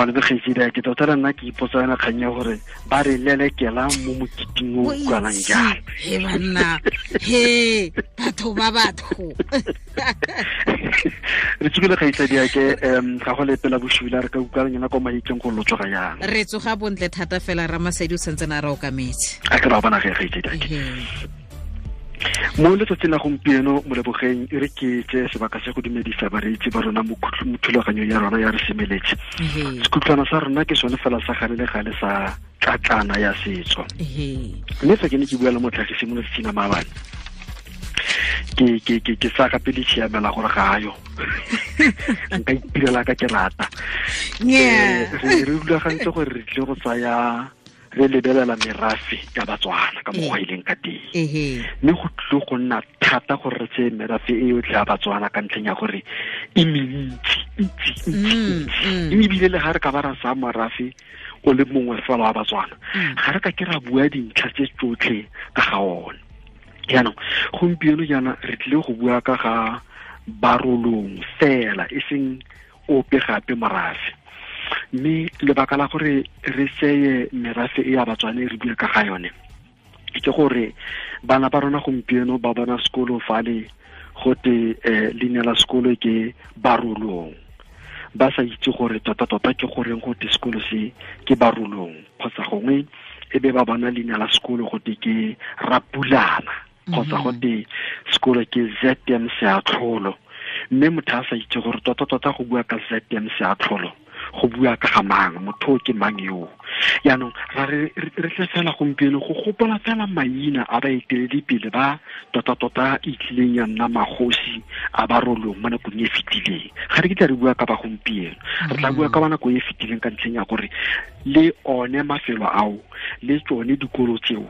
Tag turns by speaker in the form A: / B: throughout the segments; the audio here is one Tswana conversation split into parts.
A: malebe kgetsile ke tota le nna ke ipotsa yona kgang ya gore ba re lelekela mo mokiting o utlwalang jalo e batho ba batho re tsogile kgaitsadiake um ga go lepela bosula re ka utlwalang yona ko maikeng go tsoga jang re tsoga bontle thata fela ramasadi o santse na re okametse a ke ra o bona ge kgaitsadiake mo letsatsing la gompieno molebogeng e re ke tse sebaka se go dumedisa bareetsi ba rona mo thulaganyong ya rona ya re semeletse sekhutlhwana sa rona ke sone fela sa gale le gale sa tlatlana ya setso mme fa ke ne ke bua le motlhagisi mo letsatsing la maabane ke ke ke ke sa gape le tshiamela gore ga ayo nka ipirela ka ke rata re rulagantse gore re tlile go tsaya re lebelela merafe ya batswana ka mokgwa ee. e ka teng mme go tlile go nna thata gore re tseye merafe e yotlhe ya batswana ka ntlheng ya gore e mentsi ntsi ntsi mm, mm. ebile le ga re ka ba ra sa morafe o le mongwe fela wa batswana mm. ga re ka ke ra bua dintlha tse tsotlhe ka ga one jaanong gompieno jaana re tlile go bua ka ga barolong fela e seng ope gape morafe mme lebaka la gore re tseye merafe e ya batswane re bua ka ga yone ke gore bana ba rona gompieno ba bona sekolo fale gote um leina la sekolo ke barulong ba sa itse gore tota-tota ke goreng gote sekolo se ke barulong kgotsa gongwe e be ba bona leina la sekolo gote ke rapulana kgotsa mm-hmm. gote sekolo ke zm seatlholo mme motho a sa itse gore tota-tota go bua ka zm seatlholo go bua ka ga mang motho ke mang yo yaanong ra re tle fela gompieno go gopola fela maina a baeteledipele ba tota-tota e ya nna magosi a ba rolong mo nakong e fetileng ga re ke tla re bua ka ba gompieno re tla bua ka ba nakong e fetileng ka ntlheng ya gore le one mafelo ao le tsone dikolo tseo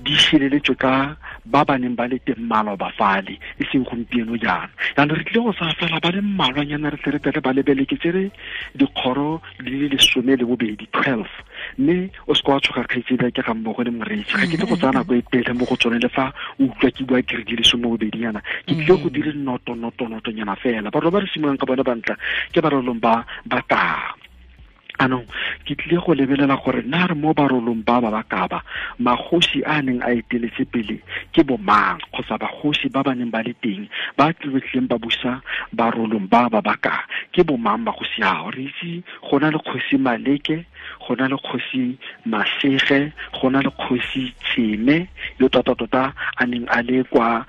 A: di šileletšo ka ba ba neng ba le teng maloba fale e seng gompieno jaana jaanong re tlile go sa fela ba le mmalwanyana re tle re tlele ba lebele ke tsere dikgoro di le lesome le bobedi twelve mme o se ka wa tshoga kgaitsedi ke ga mmogo le moreetsi ga ke tle go tsaya nako e pele mo go tsone le fa o utlwa ke bua kere di lesome bobedi yana ke tlile go dire le noto noto notonyana fela batho ba re simollang ka bone bantla ke ba relong ba ba anong ke tlile go lebelela gore na re mo barolong ba ba ba kaba magoši a neng a eteletse pele ke bomang kgotsa bagoši ba ba neng ba le teng ba tlotlileng ba busa barolong ba ba ba ka ke bomang bagoši ao re itse go na le kgosi maleke go na le kgosi masege go na le kgosi tsene yo tota-tota a neng a le kwa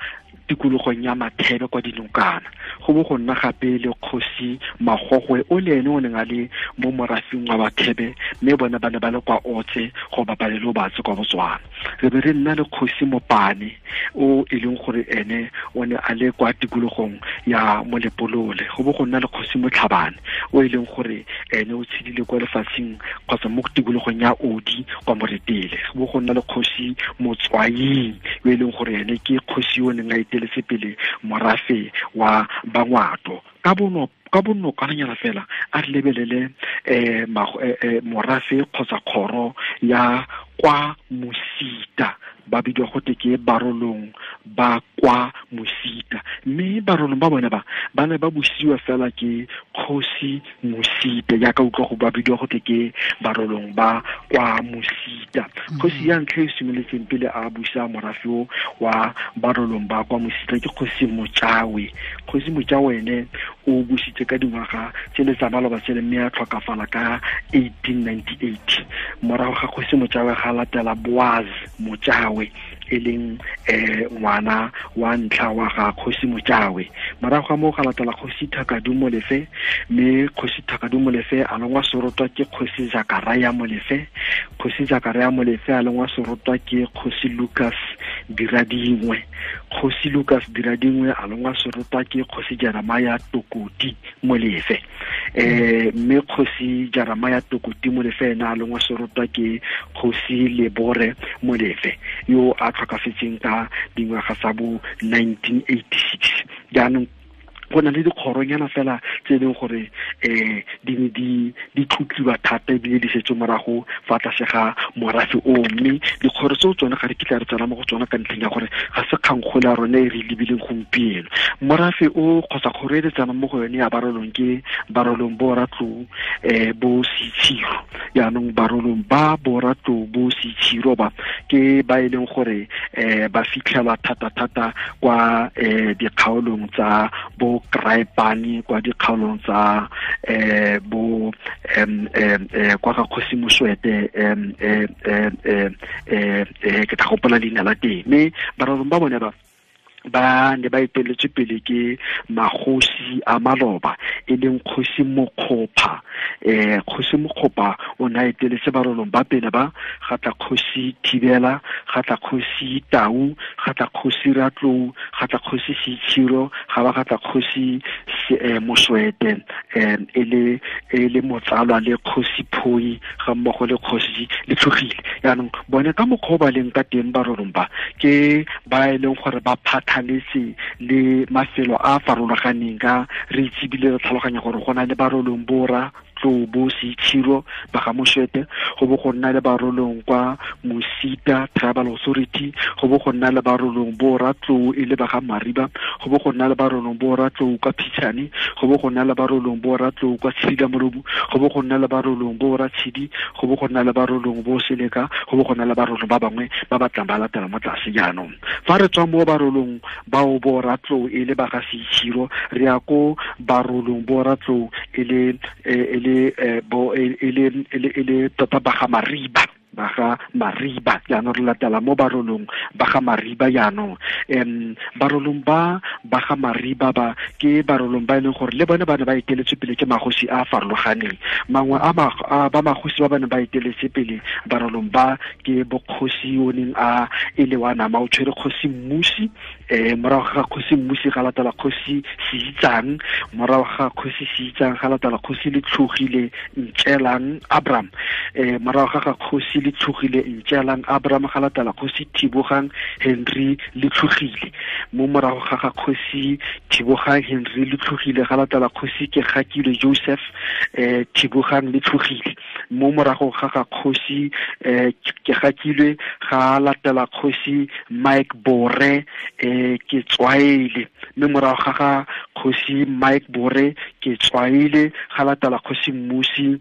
A: tikologong ya mathebe kwa dinokana go bo go nna gape le kgosi magogwe o le ene o neng a le mo morafing wa bathebe mme bona ba ne ba le kwa otse go ba le o batse kwa botswana re be re nna le kgosi mopane o e leng gore ene o ne a le kwa tikologong ya molepolole go bo go nna le kgosi motlhabane o e leng gore ene o tshedile kwa lefatsheng kgotsa mo tikologong ya odi kwa moretele go bo go nna le kgosi motswaing yo e leng gore ene ke kgosi o neng a le sepele morafe wa bangwato ka bono ka bonokwananyana fela a re lebelele um morafe kgotsa kgoro ya kwa mosita ba bidiwa gote ke barolong ba kwa mosita mme barolong ba bona ba ba ne ba busiwa fela ke kgosi mosita jaaka utlwa go ba bidiwa gote ke barolong ba kwa mosita mm-hmm. kgosi ya ntlha e, e simoletseng pele a busa morafio wa barolong ba kwa mosita ke kgosi mojawe kgosi mojawe ene o busitse ka dingwaga tse le tsa maloba tsele mme a tlhokafala ka 1898 morago ga kgosi motjawe ga latela boaz motjawe e leng um ngwana wa ntlha wa ga kgosi mojawe morago ga moo ga latela kgosi thakadu molefe mme kgosi thakadu molefe a lengwa sorotwa ke kgosi jakaraya molefe kgosi jakaraya molefe a lengwa sorotwa ke kgosi lucas diradingwe kgosi lucas diradingwe a lengwa sorotwa ke kgosi jeremaya tokoti molefe um mme kgosi jeremaya tokoti molefe ena a lengwa sorotwa ke kgosi lebore molefe yo a tlhokafetseng ka dingwaga tsa bo 1986 jaanong go na le dikgoronyana fela tse e leng gore um di ne di tlotliwa thata ebile di setse morago fa tlase ga morafe oo mme dikgoro tseo tsone ga re kitla re tsena mo go tsona ka ntlheng ya gore ga se kgankgolo ya rona e re e lebileng gompieno morafe o kgotsa kgoro e re tsenang mo go yone ya barolong ke barolong bo ratlou um bo setshiro yaanong barolong ba boratlou bo setshiro ba ke ba e leng gore um ba fitlhelwa thata-thata kwa um dikgaolong tsa bo go kwa dikgaolong tsa eh bo em eh, kwa ga kgosi moswete em eh, eh, ke tla gopola leina la teng mme bararong ba bone ba ba ne ba eteletswe pele ke magosi a maloba e leng kgosi mokgopha um eh, kgosi mokgopha o ne a eteletse barolong ba pele ba gatla kgosi thibela gatla kgosi tau gatla kgosi ratlou gatla kgosi setshiro ga ba gatla kgosi Eh, moswete um e le motsalwa le phoi ga mmogo le kgosi le tlhogile yaanong bone ka mokgwa o ba leng ka teng ba rorong ba ke ba e leng gore ba phathaletse le mafelo a a farologaneng ka re itsebile re tlhaloganya gore go na le ba rolong bora tlou bo seitshiro bagamoshete go bo go nna le barolong kwa mosita tribal authority go bo go nna le barolong bo ratlou e le mariba go bo go nna le barolong bo ratlou kwa phitšhane go bo go nna le barolong bo ratlou kwa tshidila molobu go bo go nna le barolong bo ratshidi go bo go nna le barolong bo seleka go bo go nna le barolong ba bangwe ba batlang ba latela mo tlase jaanong fa re tswa mo barolong bao bo ratlou e le baga seitshiro re ya ko barolong bo ratlou e le e, e le eh, bo e, e, e, e le tota ba ga mariba ba mariba jaanong re latela mo barolong ba ga mariba jaanong um barolong ba baga mariba ba ke barolong ba e leng gore le bone ba ne ba eteletswe pele ke magosi a a farologaneng mangwe ba magosi ba ba ne ba eteletse pele barolong ba ke bokgosi o neng a e le wa o tshwere kgosi mmusi eh morago ga kgosi mmusi ga latela kgosi se itsang morago ga kgosi se itsang ga latela kgosi le tlhogile ntselang abram eh morago ga ga kgosi le tlhogile ntselang abram ga latela kgosi thibogang henry le tlhogile mo morago ga ga kgosi thibogang henry le tlhogile ga latela kgosi ke gakile joseph eh thibogang le tlhogile mo morago ga ga kgosi um ke gakilwe ga latela kgosi mike bore um eh, ke tswaile mme morago ga ga kgosi mike bore ke tswaile ga latela kgosi mmusi um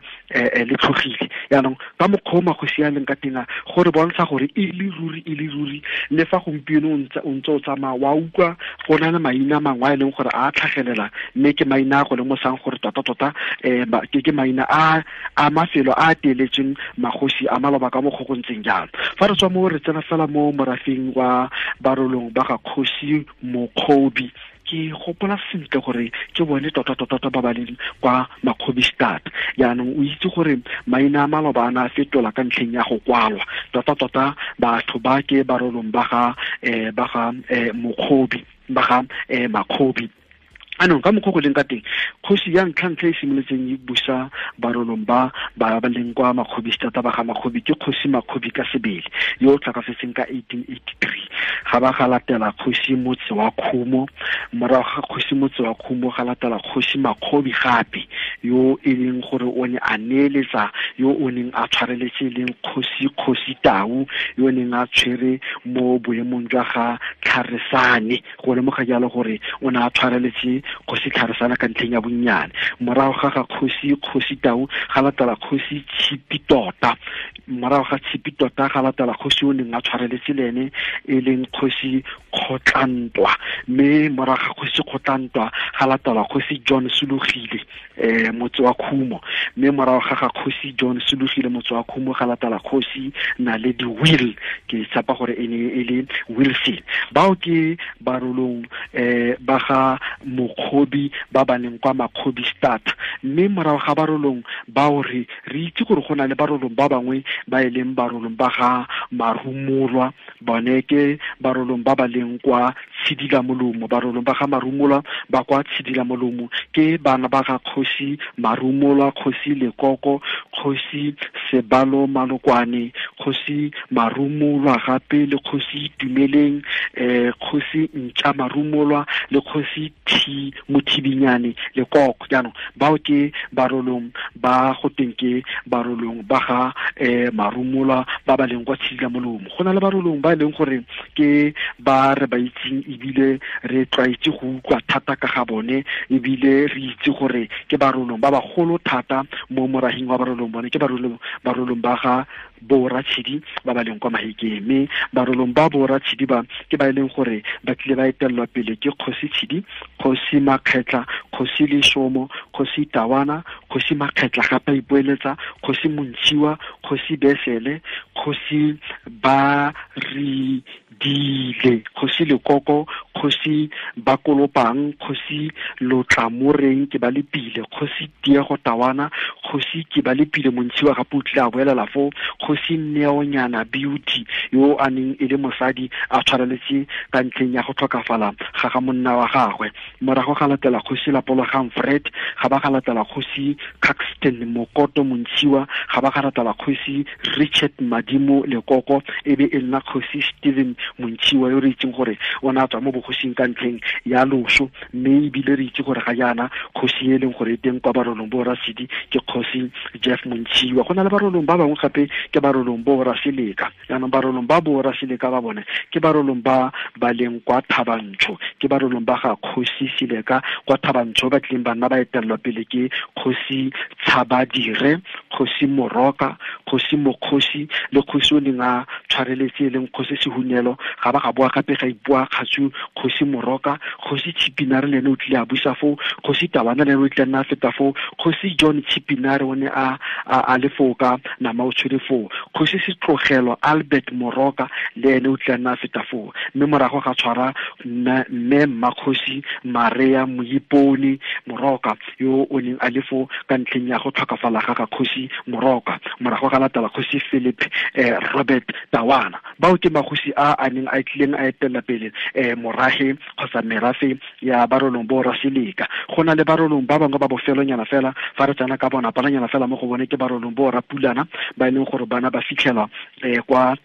A: le tlhogile yaanong ka mokgwa o magosi a leng ka tenga gore bontsha gore e le ruri e le ruri le fa gompieno o ntse o tsamaya wa utlwa go na le maina mangwe a e leng gore a tlhagelela mme ke maina a go le mosang gore tota-tota um ke maina a mafelo a teletseng magosi a maloba ka mokgwa go ntseng jalo fa re tswa mo re tsena fela mo morafeng wa barolong ba ga kgosi mokgobi ke gopola sentle gore ke bone tota-tota-tota ba ba leng kwa makgobistat yaanong o itse gore maina a maloba a ne a fetola ka ntlheng ya go kwalwa tota-tota batho ba ke barolong ba ga um ba ga um mokgobi ba ga um eh, makgobi anong ka mokgwa go leng ka teng kgosi ya ntlha-ntlha e simolotseng e busa barolong ba ba leng kwa makgobi setata ba ga makgobi ke kgosi makgobi ka sebele yo o tlhakafetseng ka eighteen eighty three ga ba ga latela kgosi motse wa khumo morago ga kgosi motse wa khumo ga latela kgosi makgobi gape yo e leng gore o ne a neeletsa yo o neng a tshwareletse e leng kgosi kgosi tau yo o neng a tshwere mo boemong jwa ga tlharesane go lemoga jalo gore o ne a tshwareletse kgosi tlharesana ka ntlheng ya bonnyane morago ga ga kgosi kgosi tau ga latela kgosi tshipi tota morago ga tshipi tota ga latela kgosi o neng a tshwareletse le ene e leng kgosi kgotlantwa mme morago ga kgosi kgotlantwa ga latela kgosi john sologile um motse wa khumo mme morago ga ga kgosi john sologile motse wa khumo ga latela kgosi na le di-will ke tsapa gore e ne e le wilson bao ke barolong um ba ga mokgwa bakgobi ba ba leng kwa makgobi start mme morago ga barolong ba re re itse gore go na le barolong ba bangwe ba e leng barolong ba ga marumolwa bone ke barolong ba ba leng kwa tshidila molomo barolong ba ga marumolwa ba kwa tshidila molomo ke bana ba ga kgosi marumolwa kgosi lekoko kgosi sebalo malokwane kgosi marumolwa gape le kgosi itumeleng um eh, kgosi ntša marumolwa le kgosi thi mothibinyane le koko jaanong bao ke barolong ba go teng ke barolong ba ga um marumola ba ba leng kwa tshidila molomo go na le barolong ba e leng gore ke ba re ba itseng ebile re tlwaetse go utlwa thata ka ga bone ebile re itse gore ke barolong ba bagolo thata mo moraging wa barolong bone ke barolong ba ga boratshedi ba ba leng kwa mahekeng mme barolong ba boratshedi ba ke ba e leng gore ba tlile ba etelelwa pele ke kgosi tshedi kgosi kgosi makgetla kgosi lesomo kgosi tawana kgosi makgetla gape ipoeletsa kgosi montshiwa kgosi besele kgosi ba ri kgosi lekoko kgosi ba kolopang kgosi lotlamoreng ke ba lepile kgosi tiego tawana kgosi ke ba lepile montshiwa gape o a boelela foo kgosi neonyana beauty yo a neng e le mosadi a tshwareletse ka ntlheng ya go tlhokafala ga ga monna wa gagwe morago ga latela kgosi lapologang fred ga ba ga latela kgosi caxton mokoto montshiwa ga ba ga latela kgosi richard madimo lekoko e be e nna kgosi steven montshiwa yo re itseng gore o ne a tswa mo bogosing ka ntlheng ya loso mme ebile re itse gore ga jaana kgosi e leng gore e teng kwa barolong bo rasedi ke kgosi kgosi jeff montšhiwa go na le barolong ba bangwe gape ke barolong bo seleka jaanong barolong ba bo seleka ba bone ke barolong ba ba leng kwa thabantsho ke barolong ba ga kgosi seleka kwa thabantsho ba tlileng ba nna ba etelelwa pele ke kgosi tshabadire kgosi moroka kgosi mokgosi le kgosi o leng a tshwareletse e leng kgosi sehunelo ga ba ga boa gape ga ipua kgatsu kgosi moroka kgosi tshipinare le ene o tlile a busa foo kgosi tabana le ene o tlile nna a feta foo kgosi john tshipinare a re o ne a a lefoka nama o tshwere foo kgosi setlogelo albert moroka le ene o tla nna a feta foo mme morago ga tshwara mme mmakgosi marea moipone moroka yo o neng a le foo ka ntlheng ya go tlhokafala ga ga kgosi moroka morago ga latela kgosi philip eh, robert tawana bao ke magosi a a neng a tlileng a etelela pele um eh, morage kgotsa merafe ya barolong bo raseleka go na le barolong ba bangwe ba bofelonyana fela fa re tsena ka bona bananyana fela mo go bone ke barolong bo rapulana ba e leng gore bana ba fitlhelwa um kwa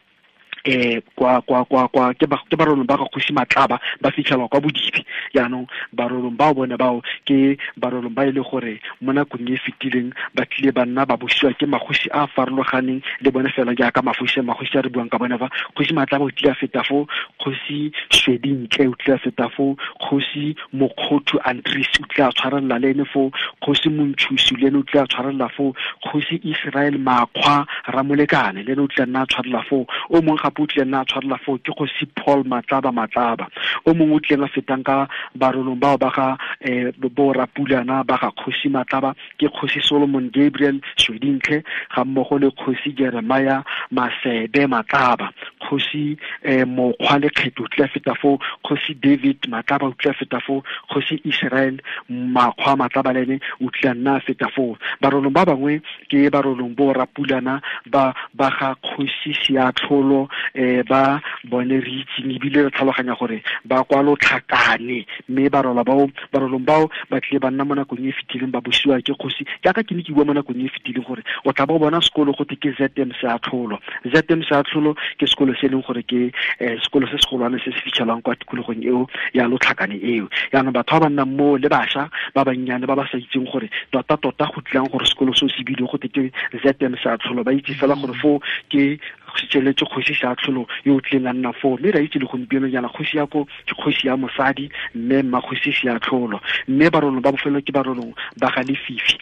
A: eh kwa kwa kwa kwa ke ba ke ba rona ba ka khushi matlaba ba fitlhelwa kwa bodibi yaanong barolong bao bone bao ke barolong ba ile e gore mo nakong e, e fetileng ba tlile ba nna ba bosiwa ke magosi a a farologaneng le bone fela jaaka magosi magosi a re buang ka bone fa kgosi matlaba o tlile a feta fo kgosi shwedintle o tlile a feta fo kgosi mokgothu antris o tlile a tshwarelela le ene fo kgosi montshusi le ene o tlile a tshwarelela fo kgosi israel makgwa ramolekane le ene o tlile a nna a tshwarelela fo o mongwe gape o tlile na a tshwarela foo ke kgosi paul matlaba matlaba o mongwe o tlileng a fetang ka barolong bao ba ga um eh, bo rapulana ba ga kgosi matlaba ke kgosi solomon gabriel swedintlhe ga mmogo le kgosi jeremia masebe matlaba kgosi um mokgwa lekgetho o tlia feta foo kgosi david matlaba o tlia feta foo kgosi israel makgwa ene o tlile nna a feta foo barolong ba bangwe ke barolong bo rapulana ba ba ga kgosi seatlholo um ba bone re itseng ebile re tlhaloganya gore ba kwalotlhakane mme barola bao barolong bao ba tlile ba nna mo nakong e fetileng ba bosiwa ke kgosi jaaka ke ne ke bua mo nakong e fetileng gore o tla ba bona sekolo go ke z m seatlholo zm seatlholo ke sekolo se e leng gore ke eh, sekolo se segolwane se se fitlhelwang kwa tikologong eo ya lotlhakane eo yaanong batho ba ba nnang mo le bašwa ba bannyane ba ba sa itseng gore tota-tota go tlilang gore sekolo seo se bile go teke m sa tlholo ba itse fela gore foo ke setseletse kgosi sa tlholo yo o tlileng a nna foo mme re a itse le gompieno jana kgosi ya ko ke kgosi ya mosadi mme mmakgosi se ya tlholo mme barolong ba bofelo ke barolong ba ga lefifi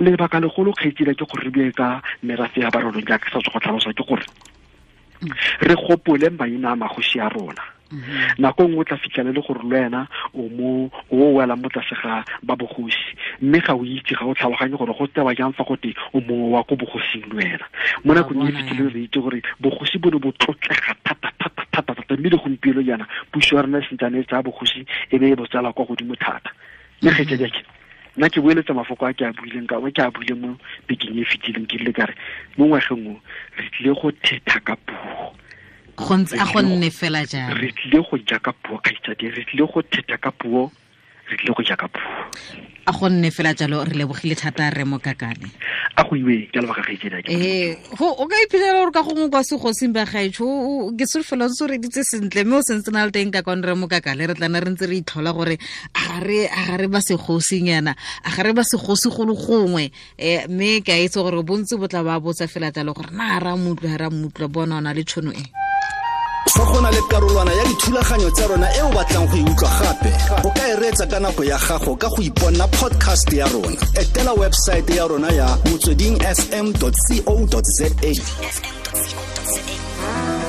A: lebaka legolo kgetsila ke gore re bue ka merafe ya barolong jaaka sa tswa go tlhalosa ke gore re gopole maina a magosi a rona mhm. nako nngwe o tla fitlhele le gore le wena o o welang mo tlase ga ba bogosi mme ga o itse ga o tlhaloganye gore go tewa jang fa gote o mongwe wa ko bogosing le wena mo nakong e, e fitlhile re itse gore bogosi bo ne bo tlotlega thata-thata-thata-thata mme le gompieno jaana puso ya rona e sentsane e tsaya bogosi e be e botsala kwa godimo thata mme kgetse jake nna ke boeletsa mafoko a ke a buileng ka ke a buile mo bekeng e fitileng ke ile kare mo ngwageng o re tlile go thetha ka puo go ntse a go nne fela jalo re tlile go ja ka puo kgaitsadi re tlile go thetha ka puo re tlile go jaaka puo a go nne fela jalo re lebogile thata re mo kakane a go iwe ka lebaka ga itsena eh o ka iphitlhela gore ka gongwe kwa segosing ba gaetsho ke se solofelo se o reditse sentle mme o sentse na le teng ka kwane re mo kakale re tlana re ntse re itlhola gore a ga re ba segosing yana a ga re ba segosi go le gongwe um mme ke a itse gore bontsi bo tla ba botsa fela jalo gore na ra mmutlwa ra mmutlwa bona o na le tšhono e fa go na le karolwana ya dithulaganyo tsa rona e o batlang go e utlwa gape o ka e reetsa ka nako ya gago ka go iponna podcast ya rona etela websaete ya rona ya motsweding fm co za